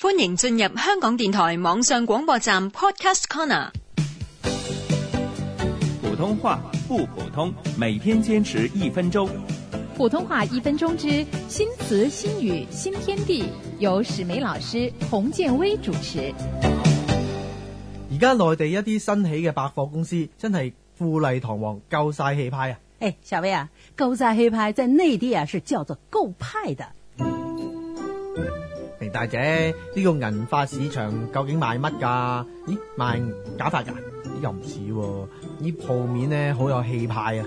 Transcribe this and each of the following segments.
歡迎進入香港電台網上廣播站 Podcast Corner。普通話不普通，每天堅持一分鐘。普通話一分鐘之新詞新語新天地，由史梅老師洪建威主持。而家內地一啲新起嘅百貨公司真係富麗堂皇，夠晒氣派啊！誒、hey，小薇啊，夠晒氣派，在內地啊是叫做夠派的。嗯 Hey，大姐，呢、嗯呢個銀髮市場究竟賣乜噶、啊？咦，賣假髮噶？又唔似喎，呢鋪面咧好有氣派啊！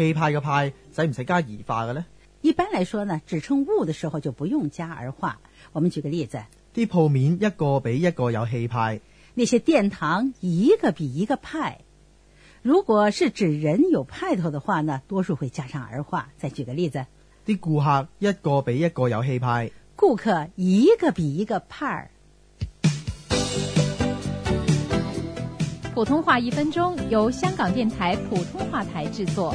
氣派的派，使唔使加兒化嘅呢？一般來說呢，指稱物的時候就不用加兒化。我們舉個例子：啲鋪面一個比一個有氣派，那些殿堂一個比一個派。如果是指人有派頭的話呢，多數會加上兒化。再舉個例子：啲顧客一個比一個有氣派，顧客一個比一個派。普通話一分鐘，由香港電台普通話台製作。